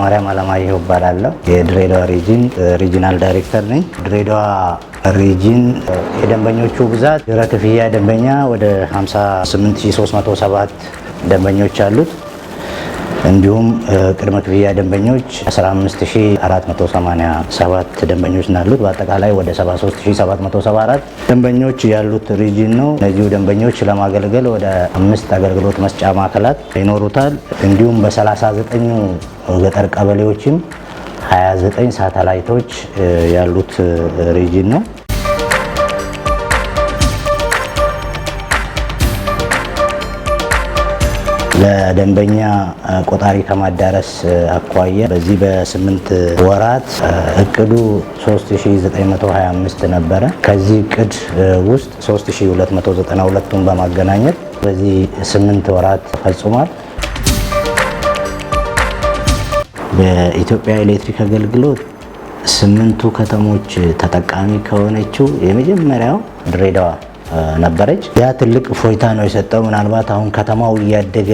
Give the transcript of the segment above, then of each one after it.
ማርያም አለማየሁ እባላለሁ። የድሬዳዋ ሪጅን ሪጂናል ዳይሬክተር ነኝ። ድሬዳዋ ሪጅን የደንበኞቹ ብዛት ድህረ ክፍያ ደንበኛ ወደ 58307 ደንበኞች አሉት። እንዲሁም ቅድመ ክፍያ ደንበኞች 15487 ደንበኞች ናሉት። በአጠቃላይ ወደ 73774 ደንበኞች ያሉት ሪጂን ነው። እነዚሁ ደንበኞች ለማገልገል ወደ አምስት አገልግሎት መስጫ ማዕከላት ይኖሩታል። እንዲሁም በ39 ገጠር ቀበሌዎችም 29 ሳተላይቶች ያሉት ሪጂን ነው። ለደንበኛ ቆጣሪ ከማዳረስ አኳያ በዚህ በስምንት ወራት እቅዱ 3925 ነበረ። ከዚህ እቅድ ውስጥ 3292ቱን በማገናኘት በዚህ ስምንት ወራት ፈጽሟል። በኢትዮጵያ ኤሌክትሪክ አገልግሎት ስምንቱ ከተሞች ተጠቃሚ ከሆነችው የመጀመሪያው ድሬዳዋ ነበረች። ያ ትልቅ እፎይታ ነው የሰጠው። ምናልባት አሁን ከተማው እያደገ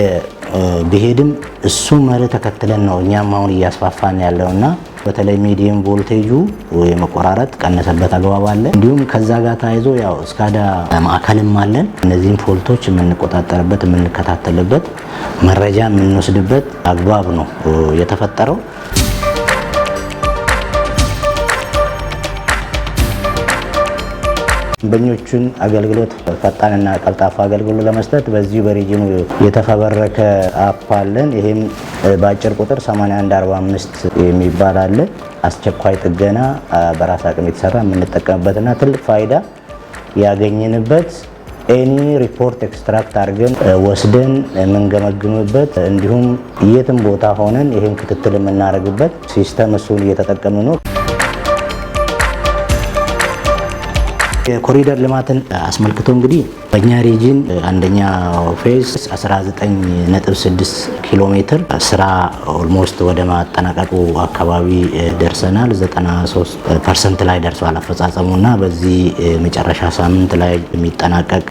ቢሄድም እሱ መርህ ተከትለን ነው እኛም አሁን እያስፋፋን ያለው እና በተለይ ሚዲየም ቮልቴጁ የመቆራረጥ ቀነሰበት አግባብ አለ። እንዲሁም ከዛ ጋር ተያይዞ ያው እስካዳ ማዕከልም አለን። እነዚህም ፎልቶች የምንቆጣጠርበት፣ የምንከታተልበት፣ መረጃ የምንወስድበት አግባብ ነው የተፈጠረው። ደንበኞቹን አገልግሎት ፈጣንና ቀልጣፋ አገልግሎት ለመስጠት በዚሁ በሪጅኑ የተፈበረከ አፕ አለን። ይህም በአጭር ቁጥር 8145 የሚባል አለ። አስቸኳይ ጥገና በራስ አቅም የተሰራ የምንጠቀምበትና ትልቅ ፋይዳ ያገኝንበት ኤኒ ሪፖርት ኤክስትራክት አድርገን ወስደን የምንገመግምበት እንዲሁም የትም ቦታ ሆነን ይህም ክትትል የምናደርግበት ሲስተም እሱን እየተጠቀምን ነው። የኮሪደር ልማትን አስመልክቶ እንግዲህ በእኛ ሪጅን አንደኛ ፌዝ 19.6 ኪሎ ሜትር ስራ ኦልሞስት ወደ ማጠናቀቁ አካባቢ ደርሰናል። 93 ፐርሰንት ላይ ደርሷል አፈጻጸሙና በዚህ መጨረሻ ሳምንት ላይ የሚጠናቀቅ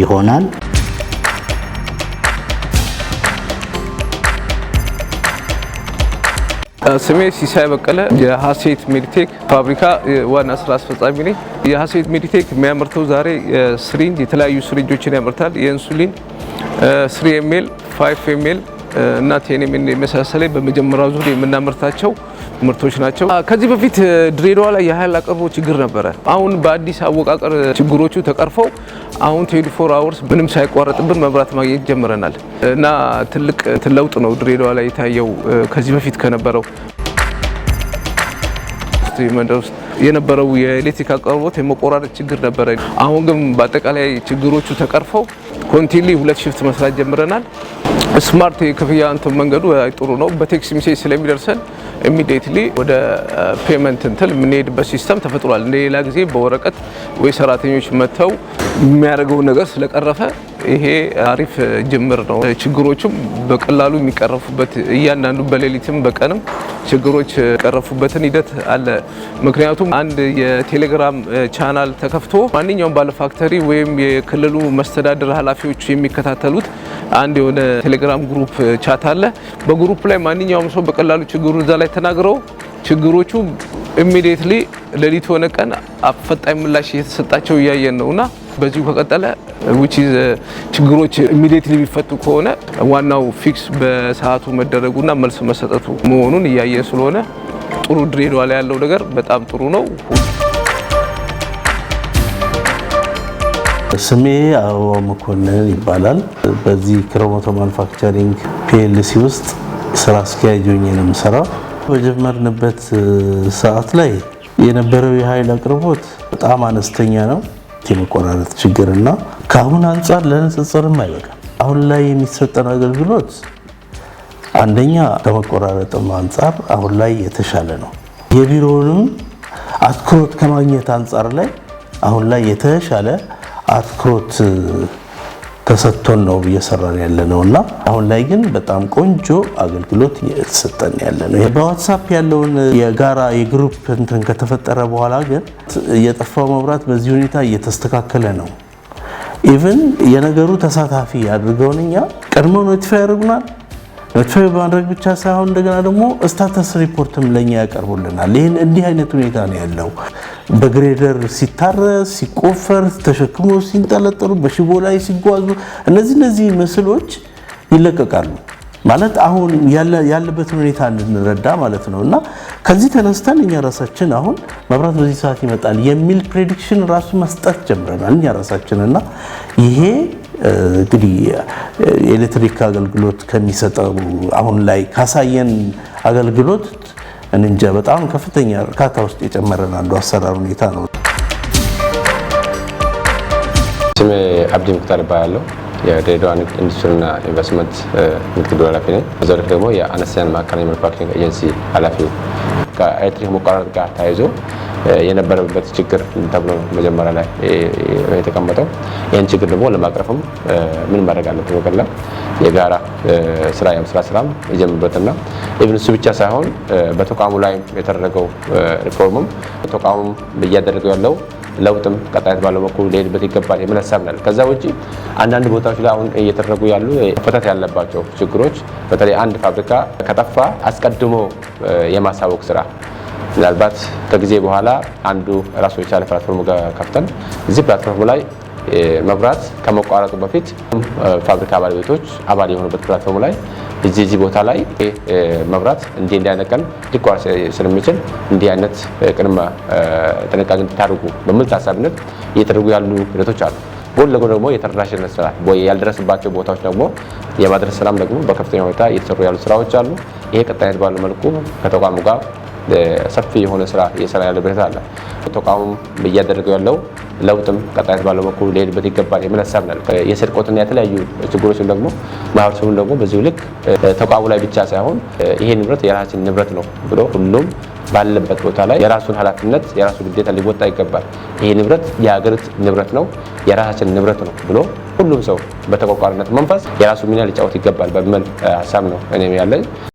ይሆናል። ስሜ ሲሳይ በቀለ የሀሴት ሜዲቴክ ፋብሪካ ዋና ስራ አስፈጻሚ ነኝ። የሀሴት ሜዲቴክ የሚያመርተው ዛሬ ስሪንጅ የተለያዩ ስሪንጆችን ያመርታል። የኢንሱሊን ስሪ ኤምኤል፣ ፋይቭ ኤምኤል እና ቴን ኤምኤል የመሳሰለ በመጀመሪያ ዙር የምናመርታቸው ምርቶች ናቸው። ከዚህ በፊት ድሬዳዋ ላይ የኃይል አቅርቦት ችግር ነበረ። አሁን በአዲስ አወቃቀር ችግሮቹ ተቀርፈው አሁን ትዌንቲ ፎር አወርስ ምንም ሳይቋረጥብን መብራት ማግኘት ጀምረናል እና ትልቅ ለውጥ ነው ድሬዳዋ ላይ የታየው ከዚህ በፊት ከነበረው መንደር ውስጥ የነበረው የኤሌክትሪክ አቅርቦት የመቆራረጥ ችግር ነበረ። አሁን ግን በአጠቃላይ ችግሮቹ ተቀርፈው ኮንቲኒ ሁለት ሽፍት መስራት ጀምረናል። ስማርት የክፍያ እንትን መንገዱ ጥሩ ነው። በቴክስ ሚሴ ስለሚደርሰን ኢሚዲየትሊ ወደ ፔመንት እንትል የምንሄድበት ሲስተም ተፈጥሯል። እንደሌላ ጊዜ በወረቀት ወይ ሰራተኞች መጥተው የሚያደርገውን ነገር ስለቀረፈ ይሄ አሪፍ ጅምር ነው። ችግሮችም በቀላሉ የሚቀረፉበት እያንዳንዱ በሌሊትም በቀንም ችግሮች የቀረፉበትን ሂደት አለ። ምክንያቱም አንድ የቴሌግራም ቻናል ተከፍቶ ማንኛውም ባለፋክተሪ ወይም የክልሉ መስተዳድር ኃላፊዎች የሚከታተሉት አንድ የሆነ ቴሌግራም ግሩፕ ቻት አለ። በግሩፕ ላይ ማንኛውም ሰው በቀላሉ ችግሩ እዛ ላይ ተናግረው ችግሮቹ ኢሚዲየትሊ ሌሊት ሆነ ቀን አፈጣኝ ምላሽ እየተሰጣቸው እያየን ነው እና በዚሁ ከቀጠለ ዊች ኢዝ uh, ችግሮች ኢሚዲየትሊ የሚፈቱ ከሆነ ዋናው ፊክስ በሰዓቱ መደረጉና መልስ መሰጠቱ መሆኑን እያየን ስለሆነ ጥሩ ድሬዳዋ ላይ ያለው ነገር በጣም ጥሩ ነው። ስሜ አበባ መኮንን ይባላል። በዚህ ክሮሞቶ ማኑፋክቸሪንግ ፒኤልሲ ውስጥ ስራ አስኪያጅ ሆኜ ነው የምሰራው። በጀመርንበት uh, ሰዓት ላይ የነበረው የኃይል አቅርቦት በጣም አነስተኛ ነው። የመቆራረጥ ችግርና ከአሁን አንጻር ለንጽጽርም አይበቃም። አሁን ላይ የሚሰጠን አገልግሎት አንደኛ ከመቆራረጥም አንጻር አሁን ላይ የተሻለ ነው። የቢሮውንም አትኩሮት ከማግኘት አንጻር ላይ አሁን ላይ የተሻለ አትኩሮት ተሰጥቶን ነው እየሰራን ያለ ነው እና አሁን ላይ ግን በጣም ቆንጆ አገልግሎት እየተሰጠን ያለ ነው። በዋትሳፕ ያለውን የጋራ የግሩፕ እንትን ከተፈጠረ በኋላ ግን የጠፋው መብራት በዚህ ሁኔታ እየተስተካከለ ነው። ኢቨን የነገሩ ተሳታፊ አድርገውን እኛ ቀድመው ኖቲፋይ ያደርጉናል። ኖቲፋይ በማድረግ ብቻ ሳይሆን እንደገና ደግሞ ስታተስ ሪፖርትም ለእኛ ያቀርቡልናል። ይህን እንዲህ አይነት ሁኔታ ነው ያለው። በግሬደር ሲታረስ፣ ሲቆፈር፣ ተሸክሞ ሲንጠለጠሉ፣ በሽቦ ላይ ሲጓዙ እነዚህ እነዚህ ምስሎች ይለቀቃሉ። ማለት አሁን ያለበትን ሁኔታ እንድንረዳ ማለት ነው። እና ከዚህ ተነስተን እኛ ራሳችን አሁን መብራት በዚህ ሰዓት ይመጣል የሚል ፕሬዲክሽን ራሱ መስጠት ጀምረናል እኛ ራሳችን እና ይሄ እንግዲህ የኤሌክትሪክ አገልግሎት ከሚሰጠው አሁን ላይ ካሳየን አገልግሎት እንጃ በጣም ከፍተኛ እርካታ ውስጥ የጨመረን አንዱ አሰራር ሁኔታ ነው። ስሜ አብዲ ሙክታር ይባላለሁ። የድሬዳዋ ንግድ ኢንዱስትሪና ኢንቨስትመንት ንግድ ቢሮ ኃላፊ ነኝ። በዛ ልክ ደግሞ የአነስተኛና መካከለኛ ማኑፋክቸሪንግ ኤጀንሲ ኃላፊ። ከኤሌክትሪክ መቋረጥ ጋር ተያይዞ የነበረበት ችግር ተብሎ መጀመሪያ ላይ የተቀመጠው ይህን ችግር ደግሞ ለማቅረፍም ምን ማድረግ አለበት በቀላ የጋራ ስራ የመስራት ስራም የጀምርበትና ኢቭን እሱ ብቻ ሳይሆን በተቋሙ ላይ የተደረገው ሪፎርምም ተቋሙ እያደረገው ያለው ለውጥም ቀጣይነት ባለው በኩል ሊሄድበት ይገባል የሚል ሀሳብ ናል። ከዛ ውጭ አንዳንድ ቦታዎች ላይ አሁን እየተደረጉ ያሉ መፈታት ያለባቸው ችግሮች በተለይ አንድ ፋብሪካ ከጠፋ አስቀድሞ የማሳወቅ ስራ ምናልባት ከጊዜ በኋላ አንዱ ራሱ የቻለ ፕላትፎርም ከፍተን እዚህ ፕላትፎርም ላይ መብራት ከመቋረጡ በፊት ፋብሪካ ባለቤቶች አባል የሆኑበት ፕላትፎርም ላይ እዚህ እዚህ ቦታ ላይ መብራት እንዲህ እንዲህ አይነት ቀን ሊቋረጥ ስለሚችል እንዲህ አይነት ቅድመ ጥንቃቄ እንድታደርጉ በሚል ታሳቢነት እየተደረጉ ያሉ ሂደቶች አሉ። ጎን ለጎን ደግሞ የተደራሽነት ስራ ያልደረስባቸው ቦታዎች ደግሞ የማድረስ ስራም ደግሞ በከፍተኛ ሁኔታ እየተሰሩ ያሉ ስራዎች አሉ። ይሄ ቀጣይነት ባለው መልኩ ከተቋሙ ጋር ሰፊ የሆነ ስራ እየሰራ ያለ ብረት አለ። ተቋሙም እያደረገው ያለው ለውጥም ቀጣይነት ባለው በኩል ሊሄድበት ይገባል የሚል ሀሳብ ነው። የስርቆትና የተለያዩ ችግሮችን ደግሞ ማህበረሰቡን ደግሞ በዚሁ ልክ ተቋሙ ላይ ብቻ ሳይሆን ይሄ ንብረት የራሳችን ንብረት ነው ብሎ ሁሉም ባለበት ቦታ ላይ የራሱን ኃላፊነት የራሱ ግዴታ ሊወጣ ይገባል። ይሄ ንብረት የሀገሪቱ ንብረት ነው፣ የራሳችን ንብረት ነው ብሎ ሁሉም ሰው በተቆርቋሪነት መንፈስ የራሱ ሚና ሊጫወት ይገባል በሚል ሀሳብ ነው እኔም ያለኝ።